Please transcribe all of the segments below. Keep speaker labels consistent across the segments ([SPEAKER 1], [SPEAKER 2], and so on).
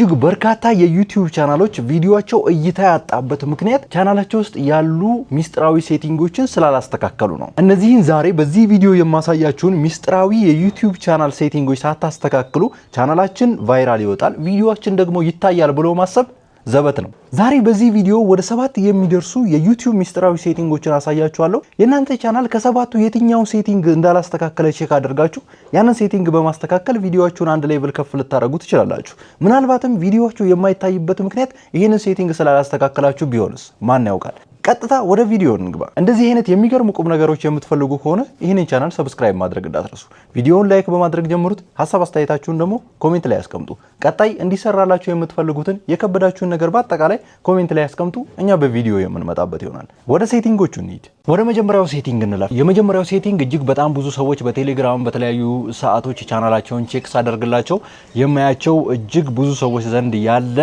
[SPEAKER 1] እጅግ በርካታ የዩቲዩብ ቻናሎች ቪዲዮቸው እይታ ያጣበት ምክንያት ቻናላቸው ውስጥ ያሉ ሚስጥራዊ ሴቲንጎችን ስላላስተካከሉ ነው። እነዚህን ዛሬ በዚህ ቪዲዮ የማሳያችሁን ሚስጥራዊ የዩቲዩብ ቻናል ሴቲንጎች ሳታስተካክሉ ቻናላችን ቫይራል ይወጣል፣ ቪዲዮችን ደግሞ ይታያል ብሎ ማሰብ ዘበት ነው። ዛሬ በዚህ ቪዲዮ ወደ ሰባት የሚደርሱ የዩቲዩብ ሚስጥራዊ ሴቲንጎችን አሳያችኋለሁ። የእናንተ ቻናል ከሰባቱ የትኛውን ሴቲንግ እንዳላስተካከለ ቼክ አድርጋችሁ ያንን ሴቲንግ በማስተካከል ቪዲዮችሁን አንድ ሌቭል ከፍ ልታደረጉ ትችላላችሁ። ምናልባትም ቪዲዮችሁ የማይታይበት ምክንያት ይህንን ሴቲንግ ስላላስተካከላችሁ ቢሆንስ ማን ያውቃል? ቀጥታ ወደ ቪዲዮ እንግባ። እንደዚህ አይነት የሚገርሙ ቁም ነገሮች የምትፈልጉ ከሆነ ይህንን ቻናል ሰብስክራይብ ማድረግ እንዳትረሱ። ቪዲዮውን ላይክ በማድረግ ጀምሩት። ሀሳብ አስተያየታችሁን ደግሞ ኮሜንት ላይ አስቀምጡ ቀጣይ እንዲሰራላችሁ የምትፈልጉትን የከበዳችሁን ነገር በአጠቃላይ ኮሜንት ላይ አስቀምጡ እኛ በቪዲዮ የምንመጣበት ይሆናል። ወደ ሴቲንጎቹ እንሂድ። ወደ መጀመሪያው ሴቲንግ እንላል። የመጀመሪያው ሴቲንግ እጅግ በጣም ብዙ ሰዎች በቴሌግራም በተለያዩ ሰዓቶች ቻናላቸውን ቼክ ሳደርግላቸው የማያቸው እጅግ ብዙ ሰዎች ዘንድ ያለ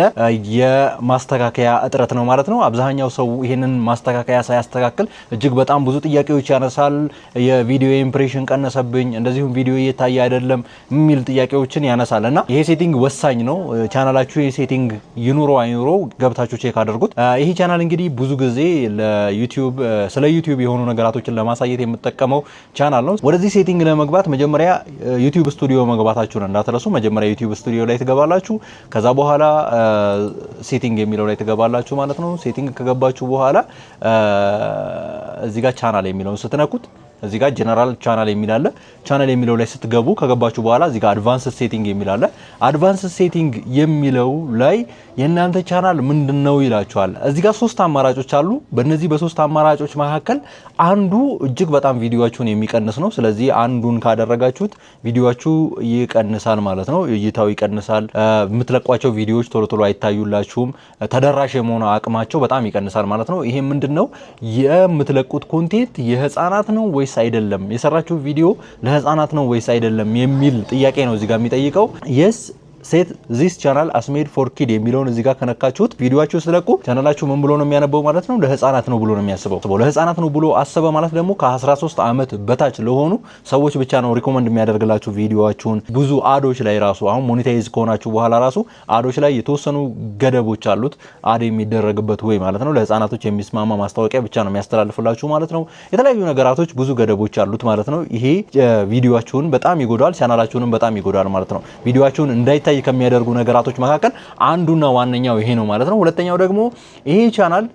[SPEAKER 1] የማስተካከያ እጥረት ነው ማለት ነው። አብዛኛው ሰው ይህንን ማስተካከያ ሳያስተካክል እጅግ በጣም ብዙ ጥያቄዎች ያነሳል። የቪዲዮ ኢምፕሬሽን ቀነሰብኝ፣ እንደዚሁም ቪዲዮ እየታየ አይደለም የሚል ጥያቄዎችን ያነሳል እና ይሄ ሴቲንግ ወሳኝ ነው። ቻናላችሁ ይሄ ሴቲንግ ይኑሮ አይኑሮ ገብታችሁ ቼክ አድርጉት። ይሄ ቻናል እንግዲህ ብዙ ጊዜ ለዩቲዩብ ስለ ዩቲዩብ ውስብስብ የሆኑ ነገራቶችን ለማሳየት የምጠቀመው ቻናል ነው። ወደዚህ ሴቲንግ ለመግባት መጀመሪያ ዩቲዩብ ስቱዲዮ መግባታችሁን እንዳትረሱ። መጀመሪያ ዩቲዩብ ስቱዲዮ ላይ ትገባላችሁ። ከዛ በኋላ ሴቲንግ የሚለው ላይ ትገባላችሁ ማለት ነው። ሴቲንግ ከገባችሁ በኋላ እዚህ ጋር ቻናል የሚለውን ስትነኩት እዚህ ጋር ጀነራል ቻናል የሚል አለ። ቻናል የሚለው ላይ ስትገቡ ከገባችሁ በኋላ እዚህ ጋር አድቫንስ ሴቲንግ የሚል አለ። አድቫንስ ሴቲንግ የሚለው ላይ የእናንተ ቻናል ምንድን ነው ይላችኋል። እዚህ ጋር ሶስት አማራጮች አሉ። በእነዚህ በሶስት አማራጮች መካከል አንዱ እጅግ በጣም ቪዲዮችሁን የሚቀንስ ነው። ስለዚህ አንዱን ካደረጋችሁት ቪዲዮችሁ ይቀንሳል ማለት ነው። እይታው ይቀንሳል። የምትለቋቸው ቪዲዮዎች ቶሎ ቶሎ አይታዩላችሁም። ተደራሽ የመሆኑ አቅማቸው በጣም ይቀንሳል ማለት ነው። ይሄ ምንድን ነው የምትለቁት ኮንቴንት የህፃናት ነው ወይ ወይስ አይደለም፣ የሰራችሁ ቪዲዮ ለህፃናት ነው ወይስ አይደለም የሚል ጥያቄ ነው እዚጋ የሚጠይቀው የስ ሴት ዚስ ቻናል አስሜድ ፎር ኪድ የሚለውን እዚህ ጋር ከነካችሁት ቪዲዮችሁ ስለቁ ቻናላችሁ ምን ብሎ ነው የሚያነበው ማለት ነው? ለህፃናት ነው ብሎ ነው የሚያስበው። ለህፃናት ነው ብሎ አሰበ ማለት ደግሞ ከ13 ዓመት በታች ለሆኑ ሰዎች ብቻ ነው ሪኮመንድ የሚያደርግላችሁ ቪዲዮችሁን። ብዙ አዶች ላይ ራሱ አሁን ሞኔታይዝ ከሆናችሁ በኋላ ራሱ አዶች ላይ የተወሰኑ ገደቦች አሉት። አድ የሚደረግበት ወይ ማለት ነው ለህፃናቶች የሚስማማ ማስታወቂያ ብቻ ነው የሚያስተላልፍላችሁ ማለት ነው። የተለያዩ ነገራቶች ብዙ ገደቦች አሉት ማለት ነው። ይሄ ቪዲዮችሁን በጣም ይጎዳል፣ ቻናላችሁንም በጣም ይጎዳል ማለት ነው። ቪዲዮችሁን እንዳይ እንዲታይ ከሚያደርጉ ነገራቶች መካከል አንዱና ዋነኛው ይሄ ነው ማለት ነው። ሁለተኛው ደግሞ ይሄ ቻናል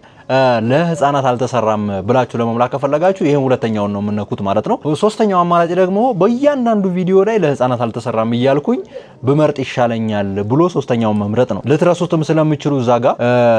[SPEAKER 1] ለህፃናት አልተሰራም ብላችሁ ለመምላክ ከፈለጋችሁ ይሄን ሁለተኛውን ነው የምነኩት ማለት ነው። ሶስተኛው አማራጭ ደግሞ በእያንዳንዱ ቪዲዮ ላይ ለህፃናት አልተሰራም እያልኩኝ ብመርጥ ይሻለኛል ብሎ ሶስተኛውን መምረጥ ነው። ልትረሱትም ስለምችሉ እዛ ጋ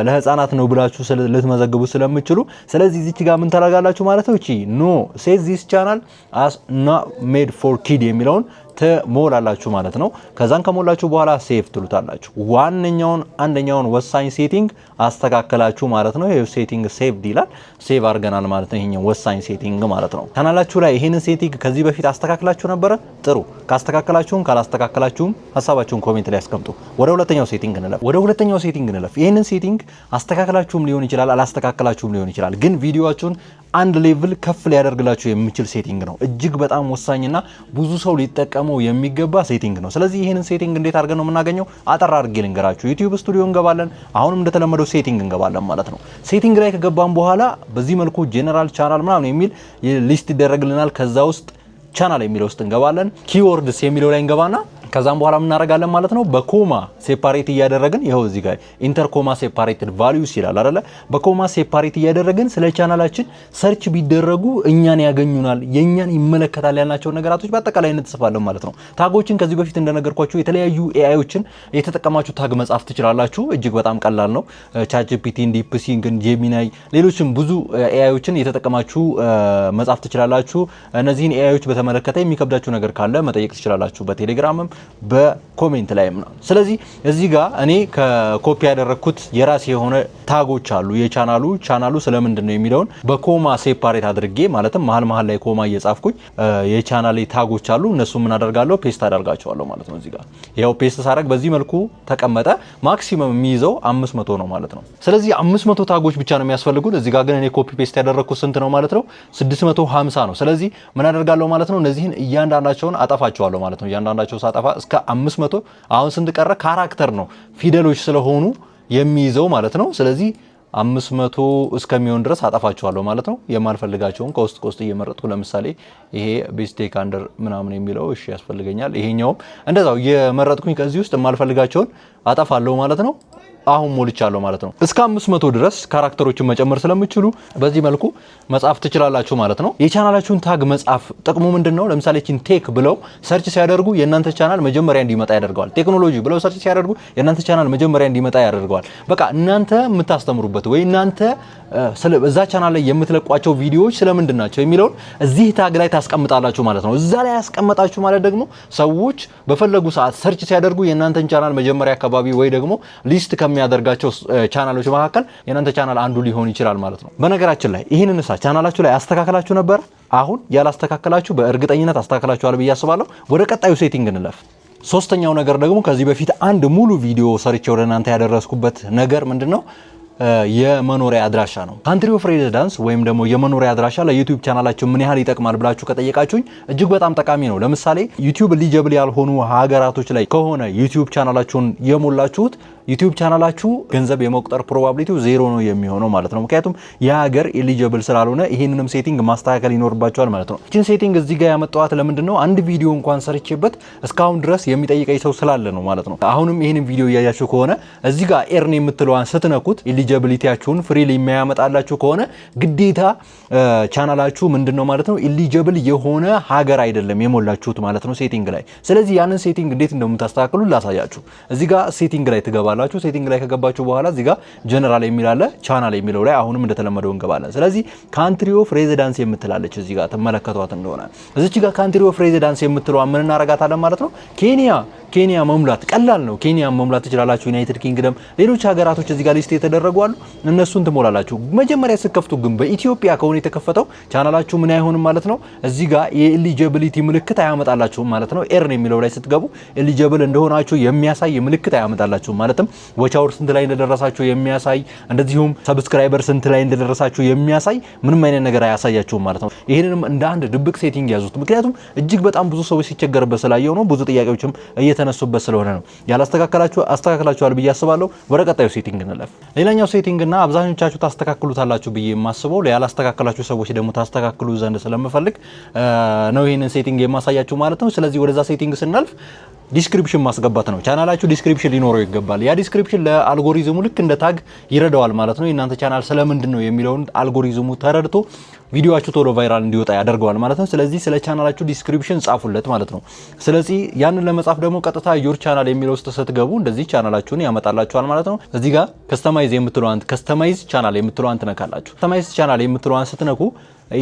[SPEAKER 1] ለህፃናት ነው ብላችሁ ልትመዘግቡት ስለምችሉ፣ ስለዚህ ዚች ጋር ምን ታደርጋላችሁ ማለት ነው። እቺ ኖ ሴት ዚስ ቻናል አስ ና ሜድ ፎር ኪድ የሚለውን ትሞላላችሁ ማለት ነው። ከዛን ከሞላችሁ በኋላ ሴቭ ትሉታላችሁ። ዋነኛውን አንደኛውን ወሳኝ ሴቲንግ አስተካከላችሁ ማለት ነው። ይሄው ሴቲንግ ሴቭድ ይላል። ሴቭ አድርገናል ማለት ነው። ይሄኛው ወሳኝ ሴቲንግ ማለት ነው። ካናላችሁ ላይ ይሄንን ሴቲንግ ከዚህ በፊት አስተካክላችሁ ነበረ? ጥሩ። ካስተካከላችሁም ካላስተካከላችሁም ሀሳባችሁን ኮሜንት ላይ አስቀምጡ። ወደ ሁለተኛው ሴቲንግ እንለፍ። ወደ ሁለተኛው ሴቲንግ እንለፍ። ይሄንን ሴቲንግ አስተካክላችሁም ሊሆን ይችላል፣ አላስተካከላችሁም ሊሆን ይችላል። ግን ቪዲዮአችሁን አንድ ሌቭል ከፍ ሊያደርግላችሁ የሚችል ሴቲንግ ነው። እጅግ በጣም ወሳኝና ብዙ ሰው ሊጠቀም ልንጠቀመው የሚገባ ሴቲንግ ነው። ስለዚህ ይህንን ሴቲንግ እንዴት አድርገን ነው የምናገኘው? አጠር አድርጌ ልንገራችሁ። ዩቲዩብ ስቱዲዮ እንገባለን። አሁንም እንደተለመደው ሴቲንግ እንገባለን ማለት ነው። ሴቲንግ ላይ ከገባን በኋላ በዚህ መልኩ ጄኔራል ቻናል ምናምን የሚል ሊስት ይደረግልናል። ከዛ ውስጥ ቻናል የሚለው ውስጥ እንገባለን። ኪወርድስ የሚለው ላይ እንገባና ከዛም በኋላ እናደርጋለን ማለት ነው። በኮማ ሴፓሬት እያደረግን ይኸው እዚህ ጋር ኢንተርኮማ ሴፓሬትድ ቫሊዩስ ይላል አይደለ? በኮማ ሴፓሬት እያደረግን ስለ ቻናላችን ሰርች ቢደረጉ እኛን ያገኙናል፣ የእኛን ይመለከታል ያልናቸውን ነገራቶች በአጠቃላይ እንጽፋለን ማለት ነው። ታጎችን ከዚህ በፊት እንደነገርኳችሁ የተለያዩ ኤአዮችን የተጠቀማችሁ ታግ መጻፍ ትችላላችሁ። እጅግ በጣም ቀላል ነው። ቻትጂፒቲን፣ ዲፕሲንግን፣ ጄሚናይ፣ ሌሎችም ብዙ ኤአዮችን የተጠቀማችሁ መጻፍ ትችላላችሁ። እነዚህን ኤአዮች በተመለከተ የሚከብዳችሁ ነገር ካለ መጠየቅ ትችላላችሁ በቴሌግራምም በኮሜንት ላይ ነው። ስለዚህ እዚህ ጋር እኔ ከኮፒ ያደረግኩት የራሴ የሆነ ታጎች አሉ። የቻናሉ ቻናሉ ስለምንድን ነው የሚለውን በኮማ ሴፓሬት አድርጌ ማለትም መሀል መሀል ላይ ኮማ እየጻፍኩኝ የቻናሌ ታጎች አሉ። እነሱ ምን አደርጋለሁ? ፔስት አደርጋቸዋለሁ ማለት ነው። እዚህ ጋር ያው ፔስት ሳረግ በዚህ መልኩ ተቀመጠ። ማክሲመም የሚይዘው 500 ነው ማለት ነው። ስለዚህ 500 ታጎች ብቻ ነው የሚያስፈልጉት። እዚህ ጋር ግን እኔ ኮፒ ፔስት ያደረግኩት ስንት ነው ማለት ነው? 650 ነው። ስለዚህ ምን አደርጋለሁ ማለት ነው? እነዚህን እያንዳንዳቸውን አጠፋቸዋለሁ ማለት ነው። እያንዳንዳቸው ሳጠፋ እስከ 500 አሁን ስንት ቀረ? ካራክተር ነው ፊደሎች ስለሆኑ የሚይዘው ማለት ነው። ስለዚህ 500 እስከሚሆን ድረስ አጠፋቸዋለሁ ማለት ነው። የማልፈልጋቸውን ከውስጥ ከውስጥ እየመረጥኩ ለምሳሌ ይሄ ቢስቴክ አንደር ምናምን የሚለው እሺ ያስፈልገኛል። ይሄኛውም እንደዛው እየመረጥኩኝ ከዚህ ውስጥ የማልፈልጋቸውን አጠፋለሁ ማለት ነው። አሁን ሞልቻለሁ ማለት ነው። እስከ 500 ድረስ ካራክተሮችን መጨመር ስለምችሉ በዚህ መልኩ መጻፍ ትችላላችሁ ማለት ነው። የቻናላችሁን ታግ መጻፍ ጥቅሙ ምንድን ነው? ለምሳሌ ቺን ቴክ ብለው ሰርች ሲያደርጉ የእናንተ ቻናል መጀመሪያ እንዲመጣ ያደርገዋል። ቴክኖሎጂ ብለው ሰርች ሲያደርጉ የእናንተ ቻናል መጀመሪያ እንዲመጣ ያደርገዋል። በቃ እናንተ የምታስተምሩበት ወይ እናንተ እዛ ቻናል ላይ የምትለቋቸው ቪዲዮዎች ስለምንድን ናቸው የሚለውን እዚህ ታግ ላይ ታስቀምጣላችሁ ማለት ነው። እዛ ላይ ያስቀመጣችሁ ማለት ደግሞ ሰዎች በፈለጉ ሰዓት ሰርች ሲያደርጉ የእናንተን ቻናል መጀመሪያ አካባቢ ወይ ደግሞ ሊስት ከሚያደርጋቸው ቻናሎች መካከል የእናንተ ቻናል አንዱ ሊሆን ይችላል ማለት ነው። በነገራችን ላይ ይህንን ሳ ቻናላችሁ ላይ አስተካከላችሁ ነበር? አሁን ያላስተካከላችሁ በእርግጠኝነት አስተካከላችኋል ብዬ አስባለሁ። ወደ ቀጣዩ ሴቲንግ እንለፍ። ሶስተኛው ነገር ደግሞ ከዚህ በፊት አንድ ሙሉ ቪዲዮ ሰርቼ ወደ እናንተ ያደረስኩበት ነገር ምንድን ነው? የመኖሪያ አድራሻ ነው። ካንትሪ ኦፍ ሬዚዳንስ ወይም ደግሞ የመኖሪያ አድራሻ ለዩቲዩብ ቻናላችሁ ምን ያህል ይጠቅማል ብላችሁ ከጠየቃችሁኝ እጅግ በጣም ጠቃሚ ነው። ለምሳሌ ዩቲዩብ ሊጀብል ያልሆኑ ሀገራቶች ላይ ከሆነ ዩቲዩብ ቻናላችሁን የሞላችሁት ዩቲዩብ ቻናላችሁ ገንዘብ የመቁጠር ፕሮባብሊቲው ዜሮ ነው የሚሆነው ማለት ነው። ምክንያቱም የሀገር ኤሊጀብል ስላልሆነ ይህንንም ሴቲንግ ማስተካከል ይኖርባቸዋል ማለት ነው። ይችን ሴቲንግ እዚህ ጋር ያመጣዋት ለምንድን ነው? አንድ ቪዲዮ እንኳን ሰርቼበት እስካሁን ድረስ የሚጠይቀኝ ሰው ስላለ ነው ማለት ነው። አሁንም ይህንን ቪዲዮ እያያችሁ ከሆነ እዚህ ጋር ኤርን የምትለዋን ስትነኩት ኤሊጀብሊቲያችሁን ፍሪል የሚያመጣላችሁ ከሆነ ግዴታ ቻናላችሁ ምንድን ነው ማለት ነው ኤሊጀብል የሆነ ሀገር አይደለም የሞላችሁት ማለት ነው ሴቲንግ ላይ። ስለዚህ ያንን ሴቲንግ እንዴት እንደምታስተካክሉ ላሳያችሁ። እዚህ ጋር ሴቲንግ ላይ ትገባ ትገባላችሁ። ሴቲንግ ላይ ከገባችሁ በኋላ እዚህ ጋር ጀነራል የሚል አለ። ቻናል የሚለው ላይ አሁንም እንደተለመደው እንገባለን። ስለዚህ ካንትሪ ኦፍ ሬዚዳንስ የምትላለች እዚህ ጋር ትመለከቷት እንደሆነ እዚች ጋር ካንትሪ ኦፍ ሬዚዳንስ የምትለዋ ምን እናረጋታለን ማለት ነው ኬንያ ኬንያ መሙላት ቀላል ነው። ኬንያ መሙላት ትችላላችሁ። ዩናይትድ ኪንግደም፣ ሌሎች ሀገራቶች እዚህ ጋር ሊስት የተደረጉ አሉ። እነሱን ትሞላላችሁ። መጀመሪያ ስከፍቱ ግን በኢትዮጵያ ከሆነ የተከፈተው ቻናላችሁ ምን አይሆንም ማለት ነው። እዚህ ጋር የኤሊጀብሊቲ ምልክት አያመጣላችሁም ማለት ነው። ኤርን የሚለው ላይ ስትገቡ ኤሊጀብል እንደሆናችሁ የሚያሳይ ምልክት አያመጣላችሁም። ማለትም ወቻውር ስንት ላይ እንደደረሳችሁ የሚያሳይ እንደዚሁም ሰብስክራይበር ስንት ላይ እንደደረሳችሁ የሚያሳይ ምንም አይነት ነገር አያሳያችሁም ማለት ነው። ይህንንም እንደ አንድ ድብቅ ሴቲንግ ያዙት። ምክንያቱም እጅግ በጣም ብዙ ሰዎች ሲቸገርበት ስላየው ነው ብዙ ጥያቄዎችም እየተ የተነሱበት ስለሆነ ነው። ያላስተካከላችሁ አስተካክላችኋል ብዬ አስባለሁ። ወደ ቀጣዩ ሴቲንግ እንለፍ። ሌላኛው ሴቲንግ እና አብዛኞቻችሁ ታስተካክሉታላችሁ ብዬ የማስበው ያላስተካከላችሁ ሰዎች ደግሞ ታስተካክሉ ዘንድ ስለምፈልግ ነው ይህንን ሴቲንግ የማሳያችሁ ማለት ነው። ስለዚህ ወደዛ ሴቲንግ ስናልፍ ዲስክሪፕሽን ማስገባት ነው። ቻናላችሁ ዲስክሪፕሽን ሊኖረው ይገባል። ያ ዲስክሪፕሽን ለአልጎሪዝሙ ልክ እንደ ታግ ይረዳዋል ማለት ነው። የእናንተ ቻናል ስለምንድን ነው የሚለውን አልጎሪዝሙ ተረድቶ ቪዲዮችሁ ቶሎ ቫይራል እንዲወጣ ያደርገዋል ማለት ነው። ስለዚህ ስለ ቻናላችሁ ዲስክሪፕሽን ጻፉለት ማለት ነው። ስለዚህ ያንን ለመጻፍ ደግሞ ቀጥታ ዩር ቻናል የሚለው ውስጥ ስትገቡ እንደዚህ ቻናላችሁን ያመጣላችኋል ማለት ነው። እዚህ ጋር ከስተማይዝ የምትለዋን ከስተማይዝ ቻናል የምትለዋን ትነካላችሁ። ከስተማይዝ ቻናል የምትለዋን ስትነኩ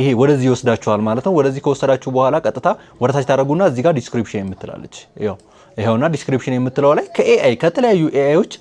[SPEAKER 1] ይሄ ወደዚህ ይወስዳችኋል ማለት ነው። ወደዚህ ከወሰዳችሁ በኋላ ቀጥታ ወደታች ታደረጉና እዚህ ጋር ዲስክሪፕሽን የምትላለች ያው ይኸውና ዲስክሪፕሽን የምትለው ላይ ከኤአይ ከተለያዩ ኤአይዎች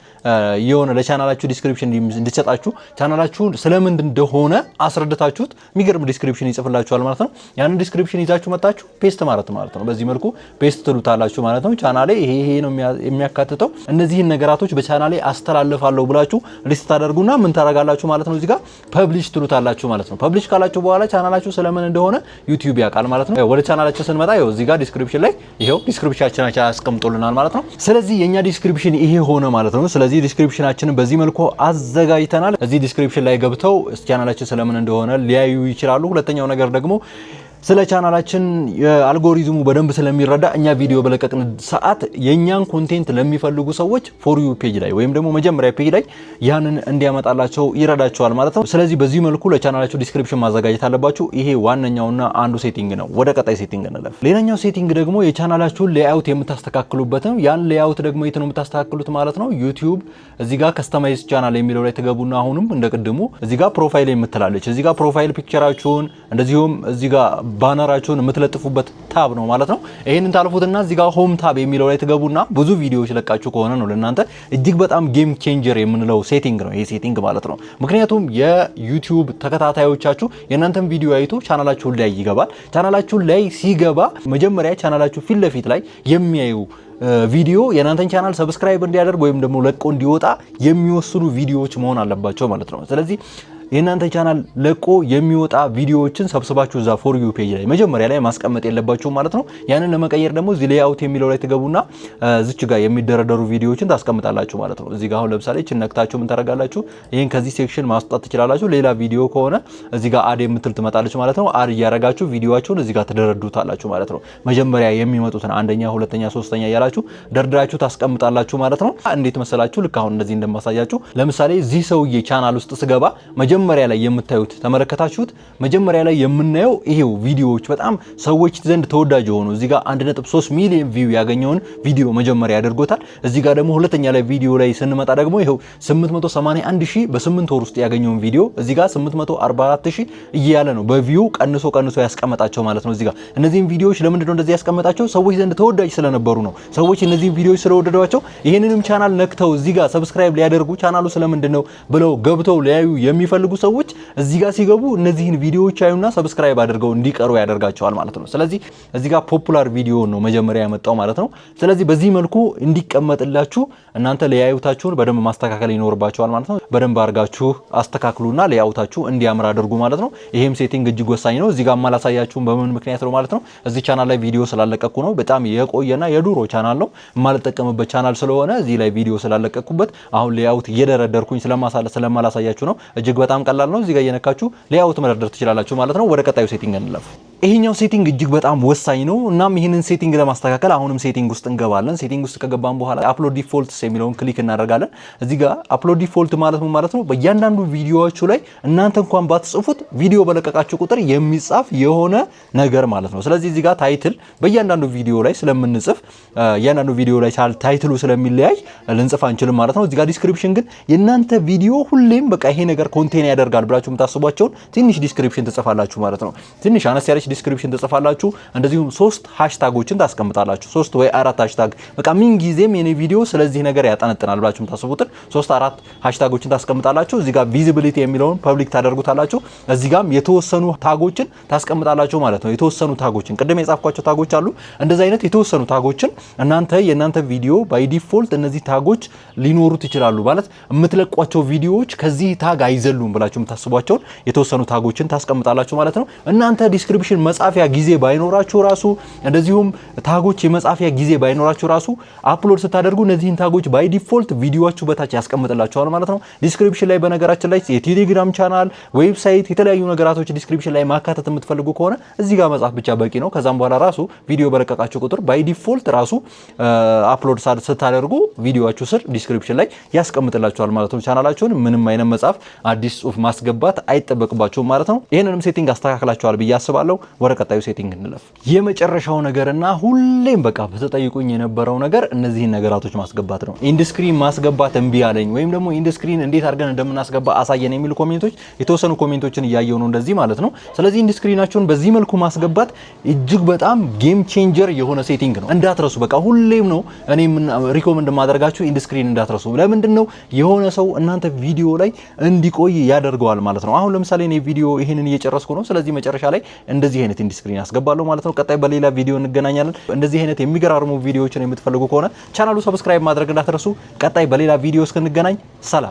[SPEAKER 1] የሆነ ለቻናላችሁ ዲስክሪፕሽን እንዲሰጣችሁ ቻናላችሁ ስለምንድን እንደሆነ አስረድታችሁት የሚገርም ዲስክሪፕሽን ይጽፍላችኋል ማለት ነው። ያንን ዲስክሪፕሽን ይዛችሁ መጣችሁ ፔስት ማለት ማለት ነው። በዚህ መልኩ ፔስት ትሉታላችሁ ማለት ነው። ቻናሌ ይሄ ይሄ ነው የሚያካትተው እነዚህን ነገራቶች በቻናሌ አስተላልፋለሁ ብላችሁ ሊስት ታደርጉና ምን ታደርጋላችሁ ማለት ነው። እዚጋ ፐብሊሽ ትሉታላችሁ ማለት ነው። ፐብሊሽ ካላችሁ በኋላ ቻናላችሁ ስለምን እንደሆነ ዩቲዩብ ያውቃል ማለት ነው። ወደ ቻናላችን ስንመጣ ይኸው እዚጋ ዲስክሪፕሽን ላይ ይኸው ዲስክሪፕሽናችን አስቀምጦልናል ማለት ነው። ስለዚህ የእኛ ዲስክሪፕሽን ይሄ ሆነ ማለት ነው። ስለዚህ ስለዚህ ዲስክሪፕሽናችንን በዚህ መልኩ አዘጋጅተናል። እዚህ ዲስክሪፕሽን ላይ ገብተው ቻናላችን ስለምን እንደሆነ ሊያዩ ይችላሉ። ሁለተኛው ነገር ደግሞ ስለ ቻናላችን የአልጎሪዝሙ በደንብ ስለሚረዳ እኛ ቪዲዮ በለቀቅን ሰዓት የእኛን ኮንቴንት ለሚፈልጉ ሰዎች ዩ ፔጅ ላይ ወይም ደግሞ መጀመሪያ ፔጅ ላይ ያንን እንዲያመጣላቸው ይረዳቸዋል ማለት ነው። ስለዚህ በዚህ መልኩ ለቻናላቸው ዲስክሪፕሽን ማዘጋጀት አለባችሁ። ይሄ ዋነኛውና አንዱ ሴቲንግ ነው። ወደ ቀጣይ ሴቲንግ እንለፍ። ሌላኛው ሴቲንግ ደግሞ የቻናላችሁን ሌአውት የምታስተካክሉበት ነው። ያን ሌአውት ደግሞ የት ነው የምታስተካክሉት ማለት ነው። ዩቲዩብ እዚህ ጋር ከስተማይዝ ቻናል የሚለው ላይ ትገቡና አሁንም እንደ ቅድሙ እዚህ ጋር ፕሮፋይል የምትላለች እዚህ ጋር ፕሮፋይል ፒክቸራችሁን እንደዚሁም እዚህ ጋር ባነራችሁን የምትለጥፉበት ታብ ነው ማለት ነው። ይህንን ታልፉትና እዚጋ ሆም ታብ የሚለው ላይ ትገቡና ብዙ ቪዲዮዎች ለቃችሁ ከሆነ ነው ለእናንተ እጅግ በጣም ጌም ቼንጀር የምንለው ሴቲንግ ነው ይሄ ሴቲንግ ማለት ነው። ምክንያቱም የዩቲዩብ ተከታታዮቻችሁ የእናንተን ቪዲዮ አይቶ ቻናላችሁን ላይ ይገባል። ቻናላችሁን ላይ ሲገባ መጀመሪያ ቻናላችሁ ፊት ለፊት ላይ የሚያዩ ቪዲዮ የእናንተን ቻናል ሰብስክራይብ እንዲያደርግ ወይም ደግሞ ለቆ እንዲወጣ የሚወስኑ ቪዲዮዎች መሆን አለባቸው ማለት ነው። ስለዚህ የእናንተ ቻናል ለቆ የሚወጣ ቪዲዮዎችን ሰብስባችሁ እዛ ፎር ዩ ፔጅ ላይ መጀመሪያ ላይ ማስቀመጥ የለባችሁም ማለት ነው። ያንን ለመቀየር ደግሞ እዚህ ሌይአውት የሚለው ላይ ትገቡና እዚች ጋር የሚደረደሩ ቪዲዮዎችን ታስቀምጣላችሁ ማለት ነው። እዚህ ጋር አሁን ለምሳሌ ችነክታችሁ ምን ታደርጋላችሁ? ይህን ከዚህ ሴክሽን ማስወጣት ትችላላችሁ። ሌላ ቪዲዮ ከሆነ እዚህ ጋር አድ የምትል ትመጣለች ማለት ነው። አድ እያረጋችሁ ቪዲዮዋችሁን እዚህ ጋር ማለት ነው። መጀመሪያ የሚመጡትን አንደኛ፣ ሁለተኛ፣ ሶስተኛ እያላችሁ ደርድራችሁ ታስቀምጣላችሁ ማለት ነው። እንዴት መሰላችሁ? ልክ አሁን እንደዚህ እንደማሳያችሁ ለምሳሌ እዚህ ሰውዬ ቻናል ውስጥ ስገባ መጀመሪያ ላይ የምታዩት ተመለከታችሁት። መጀመሪያ ላይ የምናየው ይሄው ቪዲዮዎች በጣም ሰዎች ዘንድ ተወዳጅ የሆኑ እዚህ ጋር 1.3 ሚሊዮን ቪው ያገኘውን ቪዲዮ መጀመሪያ ያደርጎታል። እዚህ ጋር ደግሞ ሁለተኛ ላይ ቪዲዮ ላይ ስንመጣ ደግሞ ይሄው 881 ሺህ በ8 ወር ውስጥ ያገኘውን ቪዲዮ እዚህ ጋር 844 ሺህ እያለ ነው በቪው ቀንሶ ቀንሶ ያስቀመጣቸው ማለት ነው። እዚህ ጋር እነዚህን ቪዲዮዎች ለምንድን ነው እንደዚህ ያስቀመጣቸው? ሰዎች ዘንድ ተወዳጅ ስለነበሩ ነው። ሰዎች እነዚህን ቪዲዮዎች ስለወደዷቸው ይህንንም ቻናል ነክተው እዚህ ጋር ሰብስክራይብ ሊያደርጉ ቻናሉ ስለምንድን ነው ብለው ገብተው ሊያዩ የሚፈልጉ የሚፈልጉ ሰዎች እዚህ ጋር ሲገቡ እነዚህን ቪዲዮዎች ያዩና ሰብስክራይብ አድርገው እንዲቀሩ ያደርጋቸዋል ማለት ነው። ስለዚህ እዚህ ጋር ፖፑላር ቪዲዮ ነው መጀመሪያ ያመጣው ማለት ነው። ስለዚህ በዚህ መልኩ እንዲቀመጥላችሁ እናንተ ለያዩታችሁን በደንብ ማስተካከል ይኖርባቸዋል ማለት ነው። በደንብ አድርጋችሁ አስተካክሉና ለያዩታችሁ እንዲያምር አድርጉ ማለት ነው። ይሄም ሴቲንግ እጅግ ወሳኝ ነው። እዚህ ጋር ማላሳያችሁን በምን ምክንያት ነው ማለት ነው። እዚህ ቻናል ላይ ቪዲዮ ስላለቀኩ ነው። በጣም የቆየና የዱሮ ቻናል ነው የማልጠቀምበት ቻናል ስለሆነ እዚህ ላይ ቪዲዮ ስላለቀኩበት አሁን ለያዩት እየደረደርኩኝ ስለማሳለ ስለማላሳያችሁ ነው እጅግ በጣም በጣም ቀላል ነው። እዚህ ጋር እየነካችሁ ሌአውት መደርደር ትችላላችሁ ማለት ነው። ወደ ቀጣዩ ሴቲንግ እንለፍ። ይሄኛው ሴቲንግ እጅግ በጣም ወሳኝ ነው። እናም ይህንን ሴቲንግ ለማስተካከል አሁንም ሴቲንግ ውስጥ እንገባለን። ሴቲንግ ውስጥ ከገባን በኋላ አፕሎድ ዲፎልትስ የሚለውን ክሊክ እናደርጋለን። እዚህ ጋር አፕሎድ ዲፎልት ማለት ምን ማለት ነው? በእያንዳንዱ ቪዲዮዎቹ ላይ እናንተ እንኳን ባትጽፉት ቪዲዮ በለቀቃችሁ ቁጥር የሚጻፍ የሆነ ነገር ማለት ነው። ስለዚህ እዚህ ጋር ታይትል በእያንዳንዱ ቪዲዮ ላይ ስለምንጽፍ እያንዳንዱ ቪዲዮ ላይ ታይትሉ ስለሚለያይ ልንጽፍ አንችልም ማለት ነው። እዚህ ጋር ዲስክሪፕሽን ግን የእናንተ ቪዲዮ ሁሌም በቃ ይሄ ነገር ኮንቴ ይሄን ያደርጋል ብላችሁ የምታስቧቸውን ትንሽ ዲስክሪፕሽን ትጽፋላችሁ ማለት ነው። ትንሽ አነስ ያለች ዲስክሪፕሽን ትጽፋላችሁ። እንደዚሁም ሶስት ሃሽታጎችን ታስቀምጣላችሁ። ሶስት ወይ አራት ሃሽታግ በቃ ምን ጊዜም የኔ ቪዲዮ ስለዚህ ነገር ያጠነጥናል ብላችሁ የምታስቡትን ሶስት አራት ሃሽታጎችን ታስቀምጣላችሁ። እዚህ ጋር ቪዚቢሊቲ የሚለውን ፐብሊክ ታደርጉታላችሁ። እዚህ ጋም የተወሰኑ ታጎችን ታስቀምጣላችሁ ማለት ነው። የተወሰኑ ታጎችን ቅድም የጻፍኳቸው ታጎች አሉ። እንደዚህ አይነት የተወሰኑ ታጎችን እናንተ የእናንተ ቪዲዮ ባይ ዲፎልት እነዚህ ታጎች ሊኖሩት ይችላሉ ማለት የምትለቋቸው ቪዲዮዎች ከዚህ ታግ አይዘሉም አይጠቅሙም ብላችሁ የምታስቧቸውን የተወሰኑ ታጎችን ታስቀምጣላችሁ ማለት ነው። እናንተ ዲስክሪፕሽን መጻፊያ ጊዜ ባይኖራችሁ ራሱ እንደዚሁም ታጎች የመጻፊያ ጊዜ ባይኖራችሁ ራሱ አፕሎድ ስታደርጉ እነዚህን ታጎች ባይ ዲፎልት ቪዲዮችሁ በታች ያስቀምጥላችኋል ማለት ነው። ዲስክሪፕሽን ላይ በነገራችን ላይ የቴሌግራም ቻናል፣ ዌብሳይት፣ የተለያዩ ነገራቶች ዲስክሪፕሽን ላይ ማካተት የምትፈልጉ ከሆነ እዚህ ጋር መጻፍ ብቻ በቂ ነው። ከዛም በኋላ ራሱ ቪዲዮ በለቀቃችሁ ቁጥር ባይ ዲፎልት ራሱ አፕሎድ ስታደርጉ ቪዲዮችሁ ስር ዲስክሪፕሽን ላይ ያስቀምጥላችኋል ማለት ነው። ቻናላችሁን ምንም አይነት መጻፍ አዲስ ጽሁፍ ማስገባት አይጠበቅባቸውም ማለት ነው። ይህንንም ሴቲንግ አስተካክላቸዋል ብዬ አስባለሁ። ወደ ቀጣዩ ሴቲንግ እንለፍ። የመጨረሻው ነገርና ሁሌም በቃ በተጠይቁኝ የነበረው ነገር እነዚህን ነገራቶች ማስገባት ነው። ኢንድስክሪን ማስገባት እምቢ አለኝ ወይም ደግሞ ኢንድስክሪን እንዴት አድርገን እንደምናስገባ አሳየን የሚሉ ኮሜንቶች የተወሰኑ ኮሜንቶችን እያየው ነው እንደዚህ ማለት ነው። ስለዚህ ኢንድስክሪናቸውን በዚህ መልኩ ማስገባት እጅግ በጣም ጌም ቼንጀር የሆነ ሴቲንግ ነው። እንዳትረሱ በቃ ሁሌም ነው እኔ ሪኮመንድ ማደርጋችሁ ኢንድስክሪን እንዳትረሱ። ለምንድን ነው የሆነ ሰው እናንተ ቪዲዮ ላይ እንዲቆይ ያደርገዋል ማለት ነው። አሁን ለምሳሌ እኔ ቪዲዮ ይህንን እየጨረስኩ ነው። ስለዚህ መጨረሻ ላይ እንደዚህ አይነት ኢንዲስክሪን አስገባለሁ ማለት ነው። ቀጣይ በሌላ ቪዲዮ እንገናኛለን። እንደዚህ አይነት የሚገራርሙ ቪዲዮዎችን የምትፈልጉ ከሆነ ቻናሉ ሰብስክራይብ ማድረግ እንዳትረሱ። ቀጣይ በሌላ ቪዲዮ እስክንገናኝ ሰላም።